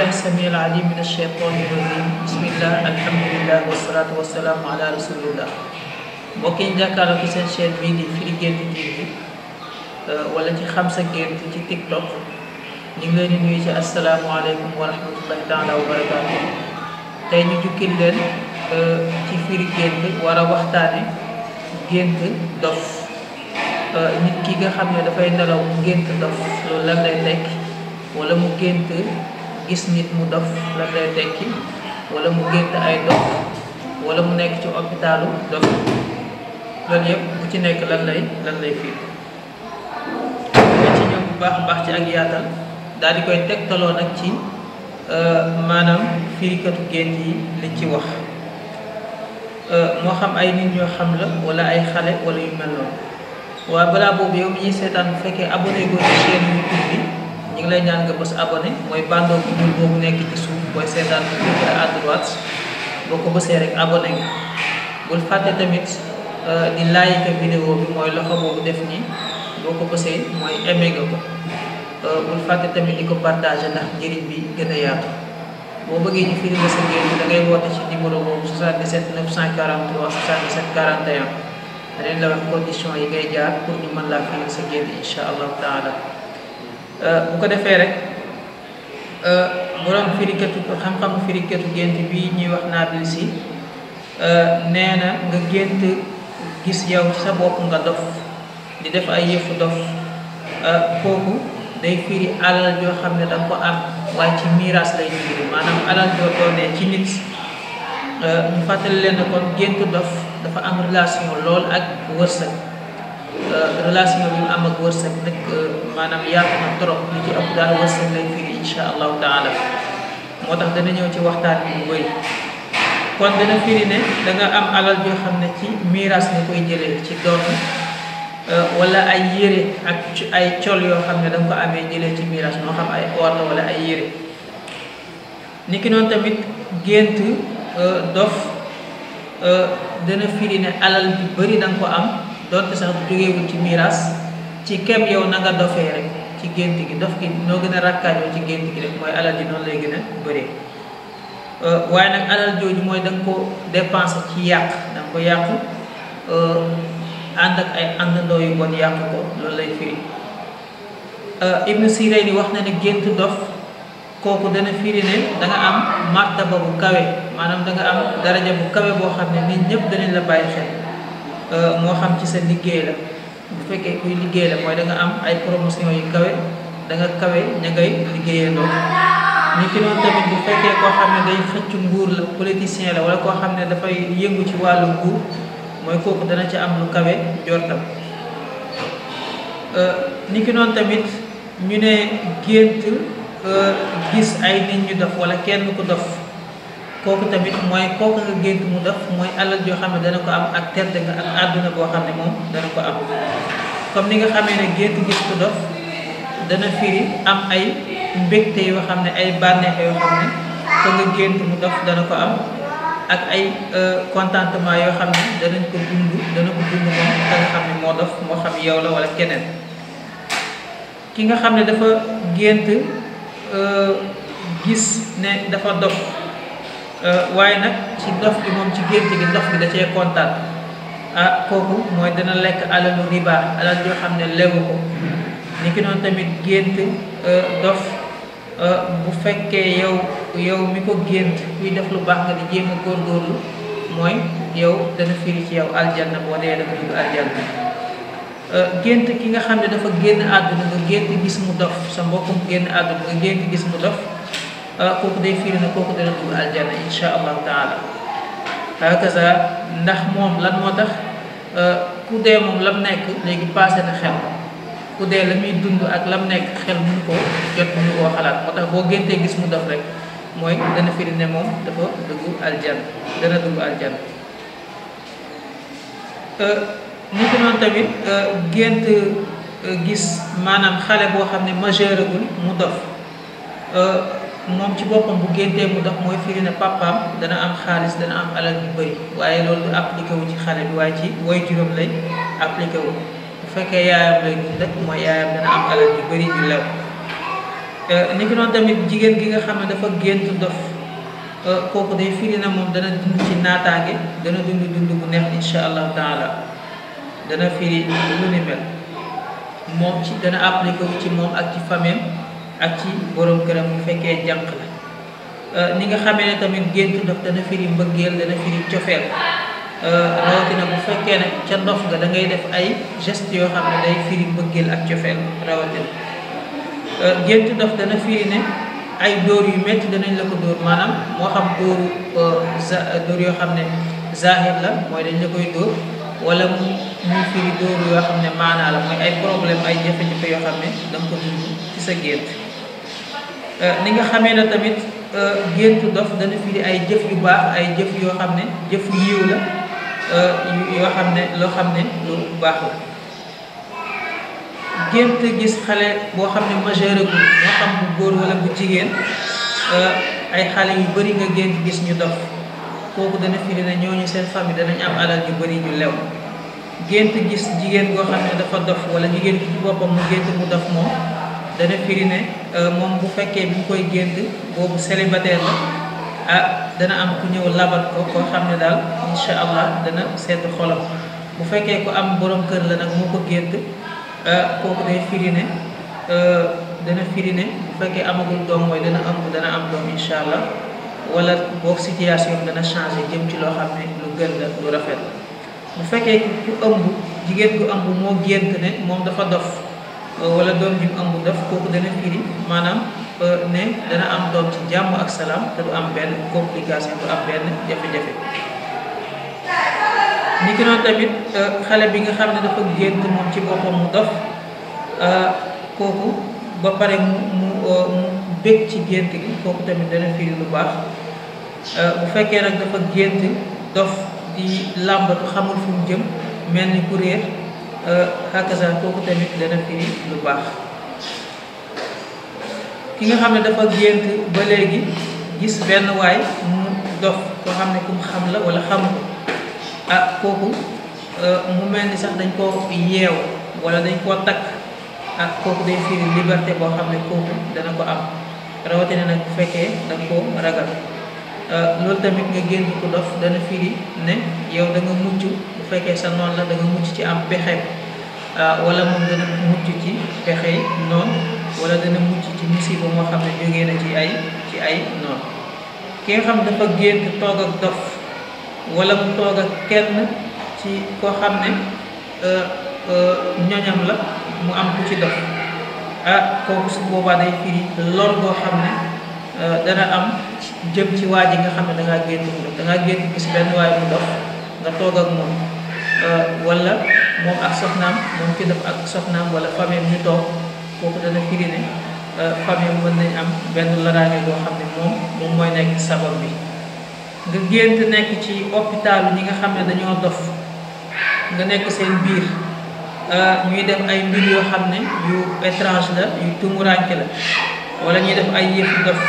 billahi samil alim min alcheytani rajim bismillah alhamdulilah wasalaatu wasalaamu ala rasulillah mbokk yi jàkkaarloo ci seen chaîne bii uh, gént ci tiktok ñu ngi leen ci asalaamualeykum wa rahmatullahi wa barakaatu tey ñu jukkil leen uh, ci Firi Guent war a waxtaane gént dof uh, nit ki nga xam ne dafay nelaw gént dof loolu lan lay nekk wala mu gént gis nit mu dof la lay tekki wala mu gént ay dof wala mu nekk ci hôpitalu dof loolu yëpp bu ci nekk lan lay lan lay fii ci ñëw bu baax a baax ci ak yaatal daal di koy tegtaloo nag ci euh, maanaam firikatu gént yi liñ ci wax euh, moo xam ay nit ñoo xam la wala ay xale wala yu mel waaye balaa boobu yow mi ñuy seetaan bu fekkee abonné goo ci chaîne YouTube bi ñu ngi lay ñaan nga bës abonné mooy bandeau bu ñuul boobu nekk ci suuf booy seetaan bu nekk boo ko bësee rek abonné nga bul fàtte tamit euh, di like vidéo bi mooy loxo boobu def nii boo ko bësee mooy aimé nga ko euh, bul fàtte tamit di ko partagé ndax njëriñ bi gën a yaatu boo bëggee ñu firi sa génn da ngay woote ci numéro boobu 77 943 77 41 danañ la condition yi ngay jaar pour ñu mën laa firi sa Euh, bu ko defee rek euh, borom firikatu xam-xamu firikatu gént bi ñuy wax naabil si euh, nee na nga gént gis yow ci sa bopp nga dof di def ay yëfu dof kooku day firi alal joo xam ne danga ko am waaye ci miiras lay firi maanaam alal joo doonee ci nit ñu fàttali leen ne kon gént dof dafa am relation lool ak wërsëg Euh, relation bi mu am ak wërsëg nag euh, maanaam yaatu na trop li ci ëpp daal wërsëg lay firi incha allahu taala moo tax dana ñëw ci waxtaan bi bu bëri kon dana firi ne danga am alal joo xam ne ci miiras nga koy jëlee ci doon euh, wala ay yére ak ay col yoo xam ne da ko amee jëlee ci miiras moo xam ay or la ay yére niki noonu tamit gént dof dana firi ne alal bi bari da nga ko am doonte sax jógeewul ci miiras ci kem yow na nga dofee rek ci gént gi dof gi noo gën a rakkaajoo ci gént gi rek mooy alal ji noonu lay gën a bëree euh, waaye nag alal jooju mooy danga nga ko dépensé ci yàq danga nga ko yàqu euh, ànd ak ay àndandoo yu bon yàqu ko loolu lay fii euh, Ibnu Siray di wax na ne gént dof kooku dana firi ne da nga am martaba bu kawe maanaam da nga am daraja bu kawe boo xam ne nit ñëpp danañ la bàyyi xel Euh, moo xam ci sa liggéey la bu fekkee kuy liggéey la mooy da nga am ay promotion yu kawe da nga kawe ña ngay liggéeyandoo ni ki tamit bu fekkee koo xam ne day xëcc nguur la politicien la wala koo xam ne dafay yëngu ci wàllu nguur mooy kooku dana ci am lu kawe jortam euh, ni ki tamit ñu ne gént euh, gis ay nit ñu dof wala kenn ku dof kooku tamit mooy kooku nga gént mu def mooy alal joo xam ne dana ko am ak tedd nga ak àdduna boo xam ne moom dana ko am comme nga xamee ne gént gis ku dof dana firi am ay mbégte yoo xam ne ay bànneex yoo xam mu dana ko am ak ay euh, contentement yoo xam ne danañ ko dund dana ko dund moom ka xam ne moo dof moo xam yow la wala keneen ki nga xam ne dafa gént euh, gis ne dafa dof Euh, waaye nag ci dof bi moom ci gént gi ndof gi da kontaan ah kooku mooy dana lekk alalu riba alal yoo xam ne lewu ko ni ki noonu tamit gént euh, dof euh, bu fekkee yow yow mi ko gént kuy def lu baax nga di jéem a góorlu mooy yow dana firi ci yow aljanna boo dee dafa dugg aljanna gént ki nga xam ne dafa génn àdduna nga génn gis mu dof sa mbokkum génn àdduna nga gént gis mu dof kooku day firi na kooku dana dugg aljanna insha allahu taala hakaza ndax moom lan moo tax eh, ku dee moom lam nekk léegi passé na xel ku dee la muy dund ak la mu nekk xel mënu ko jot xalaat moo tax boo géntee gis mu dof rek mooy dana firi ne moom dafa dugg aljanna dana dugg aljanna eh, ni ko tamit eh, gént gis maanaam xale boo xam ne majeuragul mu dof moom ci boppam bu géntee mu dox mooy firi ne papaam dana am xaalis dana am alal yu bëri waaye loolu du appliqué ci xale waaye ci way juróom lay appliqué bu fekkee yaayam lay dund rek mooy yaayam dana am yu bëri yu lew euh, ni ki noonu tamit jigéen gi nga xam ne dafa gént dof euh, kooku day firi na moom dana dund naataange dana dund dund bu neex insha allahu taala dana firi lu ni mel moom ci dana appliqué wu ci moom ak ci famille ak ci borom këram bu fekkee jànq la euh, ni nga xamee ne tamit gént ndox dana firi mbëggeel dana firi cofeel euh, rawatina bu fekkee ne ca ndox nga da ngay def ay geste yoo xam ne day firi mbëggeel ak cofeel rawatina euh, gént ndox dana firi ne ay dóor yu métti danañ la ko dóor maanaam moo xam dóoru dóor yoo xam ne zahir la mooy dañ la koy dóor wala mu muy firi dóor yoo xam ne maanaa la mooy ay problème ay jafe-jafe yoo xam ne da nga ko dund ci sa gént Euh, ni nga xamee ne tamit euh, géntu dof dana firi ay jëf yu baax ay jëf yoo xam ne jëf yu yiw la euh, yoo xam ne loo xam ne lu baax la gént gis xale boo xam ne majeure gu moo xam bu góor wala bu jigéen ay xale yu bari nga gént gis ñu dof kooku dana firi ne ñooñu seen famille danañ am alal yu bari ñu lew gént gis jigéen goo xam ne dafa dof wala jigéen gi ci boppam mu gént mu dof moom dana firi ne euh, moom bu fekkee bi mu koy gént boobu célibataire la ah dana am ku ñëw labat ko koo xam ne daal incha allah dana sedd xolam bu fekkee ku am borom kër la nag moo ko gént euh, kooku day firi ne euh, dana firi ne bu fekkee amagul doom mooy dana ëmb dana am doom incha allah wala boog situation dana changé jëm ci loo xam ne lu gën la lu rafet bu fekkee ku ëmb jigéen ku ëmb moo gént ne moom dafa dof wala doom ji mu ëmb def kooku dana firi maanaam euh, ne dana am doom ci jàmm ak salaam te du am benn complication du am benn jafe-jafe. ni ki noonu tamit euh, xale bi nga xam ne dafa gént moom ci boppam mu dof euh, kooku ba pare mu mu mu bëgg ci gént gi kooku tamit dana firi lu baax bu fekkee nag dafa gént dof di làmbatu xamul fu mu jëm mel ni ku réer hakaza euh, kooku tamit dana firi lu baax ki nga xam ne dafa gént ba léegi gis benn waay mu dox koo xam ne ku xam la wala xamu ko ah kooku euh, mu mel ni sax dañ koo yeew wala dañ koo takk ah kooku day firi liberté boo xam ne kooku dana ko am rawatina nag bu fekkee da koo ragal Euh, loolu tamit nga génn ku dof dana firi ne yow danga nga mucc bu fekkee sa noon la da mucc ci am pexe euh, wala moom dana mucc ci pexe noonu wala dana mucc ci musiba moo xam ne jógee na ci ay ci ay noonu ki nga xam dafa génn toog ak dof wala mu toog ak kenn ci koo xam ne euh, ñoñam la mu am ku ci dof ah kooku su boobaa day firi lor boo xam ne dana am jëm ci waa ji nga xam ne da ngaa génn da ngaa gis benn waay mu dof nga toog ak moom euh, wala moom ak soxnaam moom ki def ak soxnaam wala famille ñu toog kooku dana firi ne euh, mën nañ am benn laraange boo xam ne moom moom mooy nekk sabab bi nga gént nekk ci hôpital ñi nga xam ne dañoo dof nga nekk seen biir euh, ñuy def ay mbir yoo xam ne yu étrange la yu tumuraanke la wala ñuy def ay yëfu dof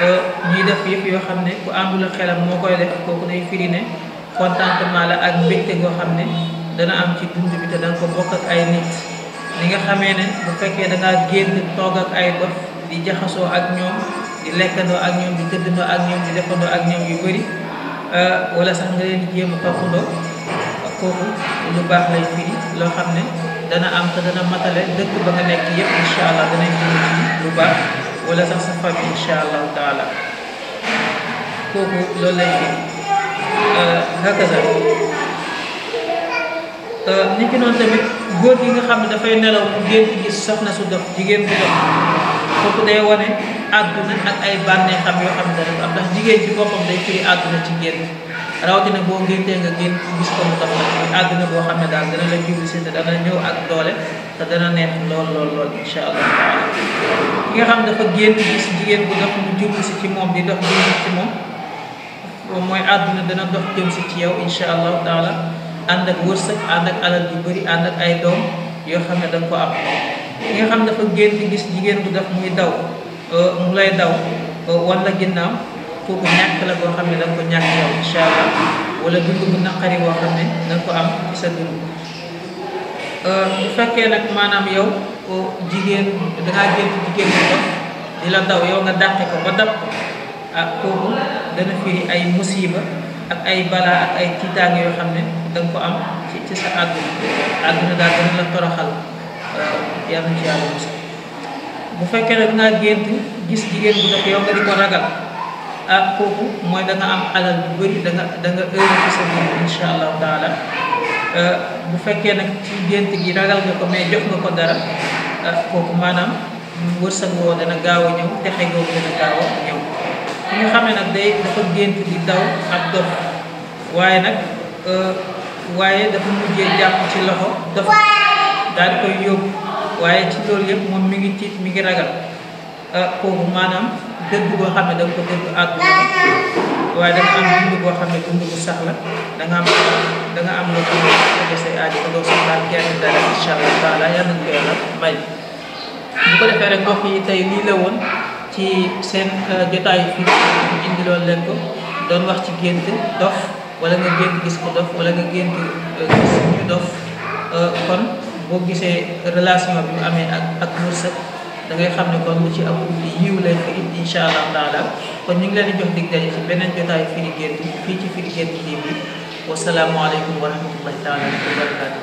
Euh, ñuy def yëpp yoo xam ne ku àndul xelam moo koy def kooku day firi ne contentement la ak mbégte goo xam ne dana am ci dund bi te danga ko bokk ak ay nit li nga xamee ne bu fekkee da ngaa génn toog ak ay dof di jaxasoo ak ñoom di lekkandoo ak ñoom di ak ñoom di defandoo ak ñoom yu bëri euh, wala sax nga leen jéem a toppandoo kooku lu baax lay firi loo xam ne dana am te dana matale dëkk ba nga nekk yëpp incha allah danañ ci lu baax wala sax sa famille incha allahu taala kooku loolu lañ fi euh, hakaza euh, nit ki noonu tamit góor gi nga xam ne dafay nelaw bu génn gis soxna su dof jigéen bu dof kooku day wane àdduna ak ay bànneexam yoo xam ne dafa am jigéen ci boppam day firi àdduna ci gént rawatina boo géntee nga ci gis ko mu tax nag muy àdduna boo xam ne daal dana la publicité dana ñëw ak doole te dana neex lool lool lool incha allah taala nga xam dafa gént gis jigéen bu dox mu jublu si ci moom di dox jublu ci moom mooy àdduna dana dox jëm si ci yow incha allahu taala ànd ak wërsëg ànd ak alal yu bëri ànd ak ay doom yoo xam ne da ko am ki nga xam dafa génn gis jigéen bu dox muy daw euh, mu lay daw euh, wala ginnaaw kooku ñàkk la boo xam ne da ko ñàkk yow incha allah wala dund bu naqari boo xam ne da ko am ci sa dund euh, yow ko jigéen dangaa gént jigéen bu yow nga dàqe ba dab ko ah, kooku dana firi ay ay balaa ak yoo xam ne da ko am ci ci sa àdduna àdduna daal dana la euh, bu fekkee nag dangaa gént gis jigéen bu dof yow nga di ko ragal ah kooku mooy da am alal bu bëri da nga da nga heure ci sa gént incha allahu taala ah, bu fekkee nag ci gént gi ragal nga ko mais jox nga ko dara ah, kooku maanaam wërsëg woo dana gaaw a ñëw texe googu dana gaaw a ñëw ki nga xamee nag day dafa gént di daw ak dof waaye nag ah, waaye dafa mujjee jàpp ci loxo dof daal koy yóbbu waaye ci loolu yëpp moom mi ngi tiit mi ngi ragal kooku maanaam dëgg boo xam ne da ko dëgg àdduna waaye da am dund boo xam ne dund bu sax la da nga am da nga am loo xam ne dafa say aajo ba doo soxlaal kenn dara incha allah taala yàlla nañu ko yàlla may bu ko defee rek mbokk yi tey lii la woon ci seen euh, jotaayu fii ñu indi loolu leen ko doon wax ci gént dof wala nga gént gis ko dof wala nga gént euh, gis ñu dof euh, kon boo gisee relation bi amee ak ak da ngay xam ne kon lu ci am yiw lay firi incha allah taala kon ñu ngi leen di jox dig daje ci beneen jotaayu firi gént fii ci firi gént TV wasalaamualeykum wa rahmatullahi taala wa barakaatu